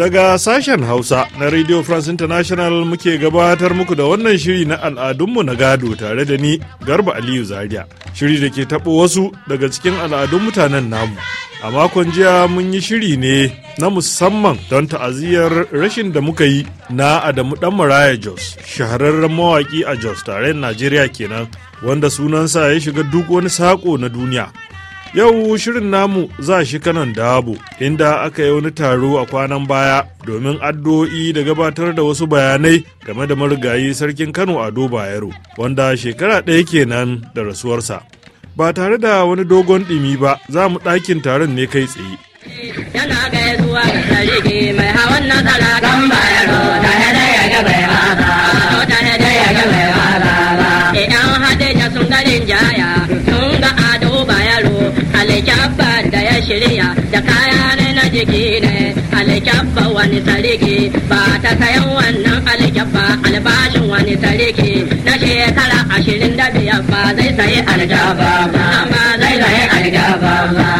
Daga sashen Hausa na Radio France International muke gabatar muku da wannan shiri na al'adunmu na gado tare da ni Garba Aliyu Zaria. Shiri da ke taɓo wasu daga cikin al'adun mutanen namu. A makon jiya mun yi shiri ne na musamman don ta'aziyar rashin da muka yi na Adamu Dan Maraya Jos, shahararren mawaƙi a Jos tare Najeriya kenan, wanda sunansa ya shiga duk wani saƙo na duniya. Yau shirin namu za shi kanan dabu inda aka yi wani taro a kwanan baya domin addu'o'i da gabatar da wasu bayanai game da marigayi sarkin Kano Ado Bayero wanda shekara ɗaya kenan da rasuwarsa. Ba tare da wani dogon ɗimi ba za mu ɗakin taron ne kai tsaye. Yana gaisuwa mai hawan ya da kaya ne na jiki ne alkyabba wani sarki ba ta sayan wannan alkyabba albashin wani sarki na shekara ashirin da biyar ba zai sayi aljaba ba zai sai aljaba ba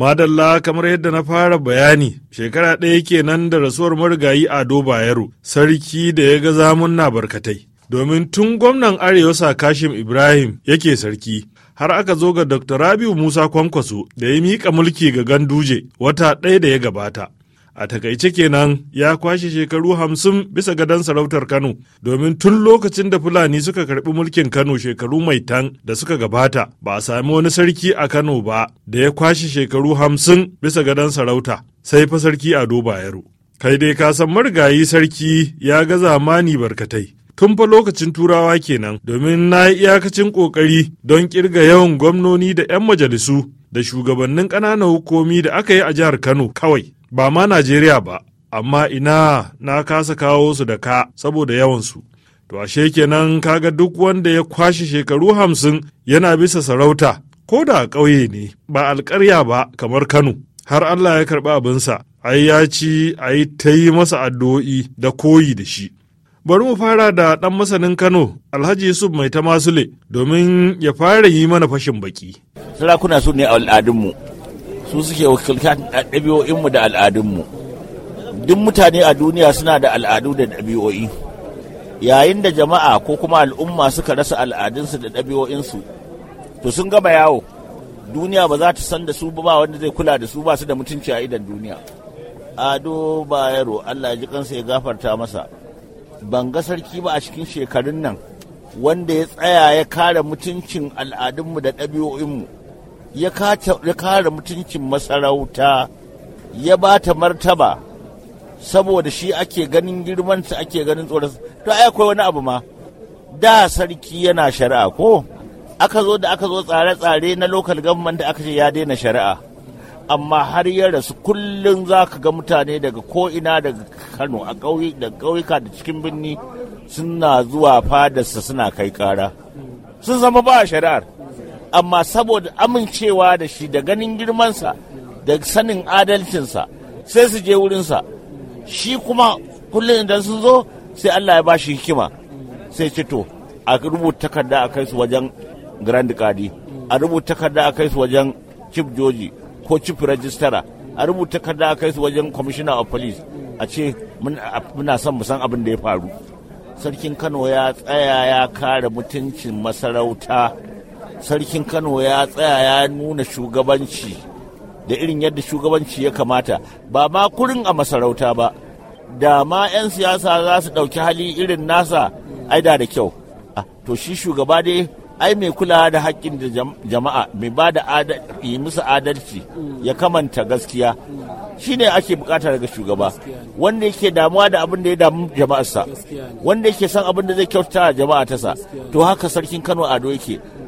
Madalla kamar yadda na fara bayani shekara ɗaya kenan da rasuwar marigayi Ado Bayero sarki da ya ga zamun na barkatai. Domin tun gwamnan Arewa Kashim Ibrahim yake sarki har aka zo ga Dr. Rabiu Musa Kwankwaso da ya miƙa mulki ga Ganduje wata ɗaya da ya gabata. a takaice kenan ya kwashe shekaru hamsin bisa gadon sarautar kano domin tun lokacin da fulani suka karɓi mulkin kano shekaru mai tan da suka gabata ba a sami wani sarki a kano ba da ya kwashe shekaru hamsin bisa gadon sarauta sai fa sarki ado bayero kai dai ka san marigayi sarki ya ga zamani barkatai tun fa lokacin turawa kenan domin na yi iyakacin ƙoƙari don ƙirga yawan gwamnoni da 'yan majalisu da shugabannin ƙananan hukumi da aka yi a jihar kano kawai ba ma najeriya ba amma ina na kasa kawo su da ka saboda yawansu to ashe kenan kaga duk wanda ya kwashe shekaru hamsin yana bisa sarauta ko da ƙauye ne ba alƙarya ba kamar kano har allah ya karɓi abinsa ai ya ci ai ta yi masa addu'o'i da koyi da shi bari mu fara da ɗan masanin kano alhaji yusuf mai ta masule domin ya fara yi mana fashin baki sarakuna su ne al'adunmu su suke wakilta ɗabi'o'inmu da al'adunmu duk mutane a duniya suna da al'adu da ɗabi'o'i yayin da jama'a ko kuma al'umma suka rasa al'adunsu da ɗabi'o'insu to sun gama yawo duniya ba za ta san da su ba wanda zai kula da su ba su da mutunci a idan duniya ado bayero allah ji kansa ya gafarta masa ban ga sarki ba a cikin shekarun nan wanda ya tsaya ya kare mutuncin al'adunmu da ɗabi'o'inmu ya kare mutuncin masarauta ya ba ta martaba saboda shi ake ganin girmansa ake ganin tsoron to ai akwai wani abu ma da sarki yana shari'a ko aka zo da aka zo tsare-tsare na local government da aka ce ya daina shari'a amma har ya rasu kullum za ka ga mutane daga ko'ina daga kano a ƙauyuka da cikin birni suna zuwa fadarsa suna kai kara sun zama ba shari'ar amma saboda amincewa da shi da ganin girmansa da sanin adalcinsa sai su je wurinsa shi kuma kullum idan sun zo sai Allah ya bashi hikima sai ce to a rubuta takarda a kai su wajen grand kadi a rubuta takarda a kai su wajen chief joji ko chief registrar a rubuta takarda a kai su wajen commissioner of police a ce muna son mu san abin da ya faru sarkin kano ya tsaya ya kare mutuncin masarauta sarkin kano ya tsaya ya nuna shugabanci da irin yadda shugabanci ya kamata ba ma kurin a masarauta ba da ma 'yan siyasa za su ɗauki hali irin nasa aida da kyau ah, to shi shugaba dai ai mai kula da haƙƙin da jama'a mai ba da yi musu adalci ya kamanta gaskiya shi ne ake bukata daga shugaba wanda yake damuwa da abin da ya damu jama'arsa wanda yake son abin da zai kyautata jama'a tasa to haka sarkin kano ado yake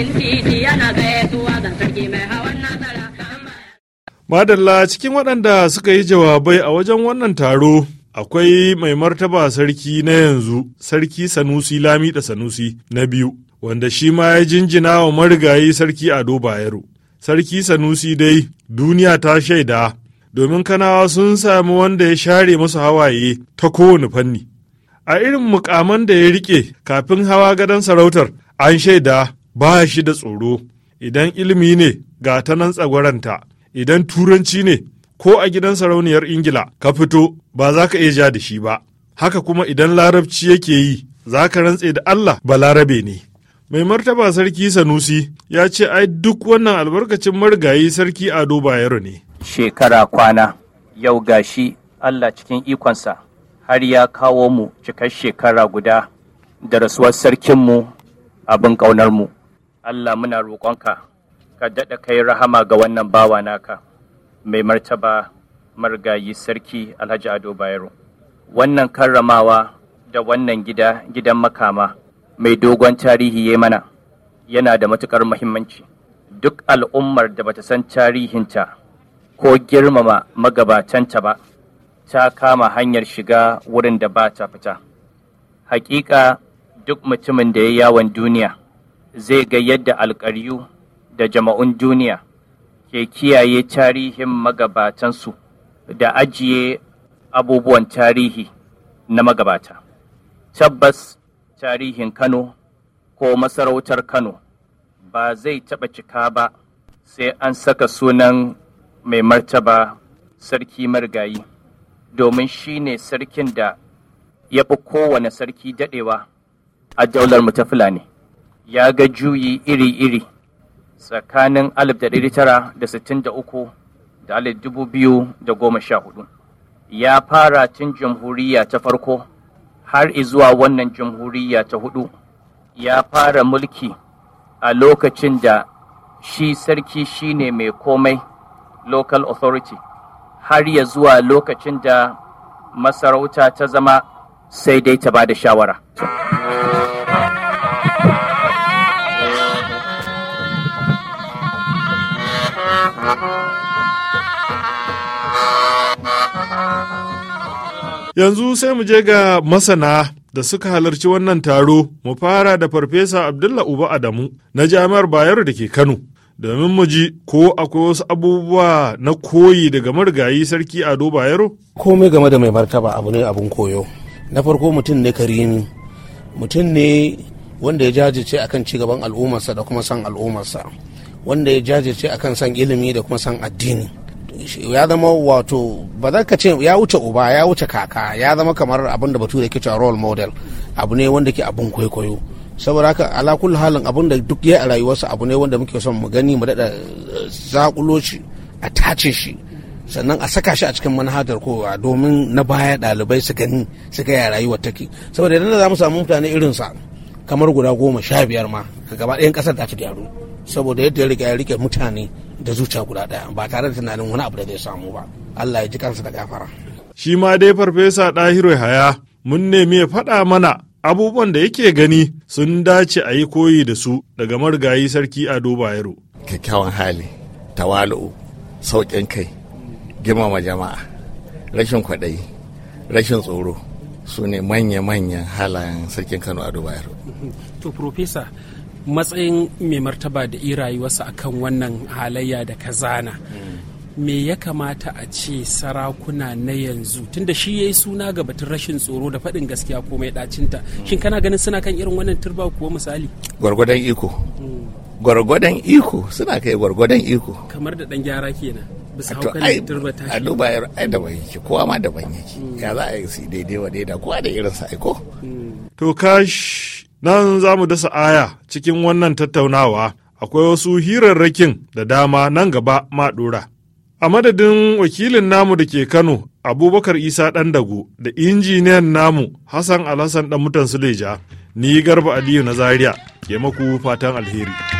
yana sarki mai Madalla cikin waɗanda suka yi jawabai a wajen wannan taro akwai mai martaba sarki na yanzu sarki Sanusi Lami da Sanusi na biyu wanda shi ma ya jinjina wa marigayi sarki Ado Bayero. Sarki Sanusi dai duniya ta shaida domin kanawa sun sami wanda ya share masu hawaye ta kowane fanni. A irin mukaman da ya rike kafin hawa gadon sarautar an shaida ba shi da tsoro idan ilimi ne ga ta nan tsagwaranta idan turanci ne ko a gidan sarauniyar ingila ka fito ba za ka iya ja da shi ba haka kuma idan larabci yake yi za ka rantse da allah ba larabe ne mai martaba sarki sanusi ya ce ai duk wannan albarkacin marigayi sarki ado bayero ne shekara kwana yau gashi allah cikin ikonsa har ya kawo mu cikar shekara guda da rasuwar sarkinmu abin ƙaunarmu Allah muna roƙonka ka daɗa kai rahama ga wannan bawa naka mai martaba margayi sarki Alhaji Ado Bayero. Wannan karramawa da wannan gida gidan makama mai dogon tarihi ya mana yana da matuƙar muhimmanci. Duk al'ummar da bata san tarihinta ko girmama magabatanta ba ta kama hanyar shiga wurin da ba ta fita. Hakika duk mutumin da ya yawon duniya zai ga yadda alƙaryu da jama'un duniya ke kiyaye tarihin magabatansu da ajiye abubuwan tarihi na magabata. Tabbas tarihin Kano ko masarautar Kano ba zai taɓa cika ba sai an saka sunan mai martaba sarki marigayi domin shi ne sarkin da ya fi kowane sarki daɗewa a daular mu ta Fulani. ya ga juyi iri-iri tsakanin 1963 da 2014 ya fara tun jamhuriya ta farko har zuwa wannan jamhuriya ta hudu ya fara mulki a lokacin da shi sarki shine mai komai local authority har ya zuwa lokacin da masarauta ta zama sai dai ta ba da shawara. Yanzu sai mu je ga masana da suka halarci wannan taro mu fara da Farfesa Abdullah Uba Adamu na Jami'ar Bayero da ke Kano. domin mu ji ko akwai wasu abubuwa na koyi daga marigayi sarki ado bayero komai game da mai martaba abu ne abun koyo na farko mutum ne karimi mutum ne wanda ya jajirce akan cigaban al'ummarsa da kuma san al'ummarsa wanda ya jajirce akan san ilimi da kuma san addini ya zama wato ba za ka ce ya wuce uba ya wuce kaka ya zama kamar abin da bature ke cewa role model abu ne wanda ke abin kwaikwayo saboda haka ala kullu halin abin da duk ya a rayuwarsa abu ne wanda muke son mu gani mu daɗa eh, zakulo shi a tace shi sannan a saka shi a cikin manhajar kowa domin na baya ɗalibai su gani su ga ya rayuwar take saboda idan za mu samu mutane irinsa kamar guda goma sha biyar ma gaba ɗayan ƙasar ta ci gyaru saboda yadda ya rike ya rike mutane da zuciya guda ɗaya ba tare da tunanin wani abu da zai samu ba Allah ya ji kansa da gafara shi ma dai farfesa ɗahiru haya mun nemi ya faɗa mana abubuwan da yake gani sun dace a yi koyi da su daga marigayi sarki ado bayero kyakkyawan hali tawali'u sauƙin kai girmama jama'a rashin kwaɗayi rashin tsoro su ne manya-manyan halayen sarkin kano ado bayero to profesa matsayin mai martaba da i rayuwarsa akan wannan halayya da ka zana me ya kamata a ce sarakuna na yanzu tunda shi ya yi suna ga batun rashin tsoro da faɗin gaskiya ko mai ɗacinta shin kana ganin suna kan irin wannan turba kuwa misali gwargwadon iko hmm. gwargwadon iko suna kai gwargwadon iko kamar da ɗan gyara kenan bisa haukan turba ta a duba ai da ban yake kowa ma da ban yake hmm. ya za a yi su daidai wa daida kowa da irin sa ko hmm. to kash nan za mu dasa aya cikin wannan tattaunawa akwai wasu hirarrakin da dama nan gaba ma ɗora. A madadin wakilin namu da ke Kano, Abubakar Isa Ɗandago da injiniyan namu Hassan Alhassan ɗan mutan Suleja, ni Garba Aliyu na Zaria, ke maku fatan alheri.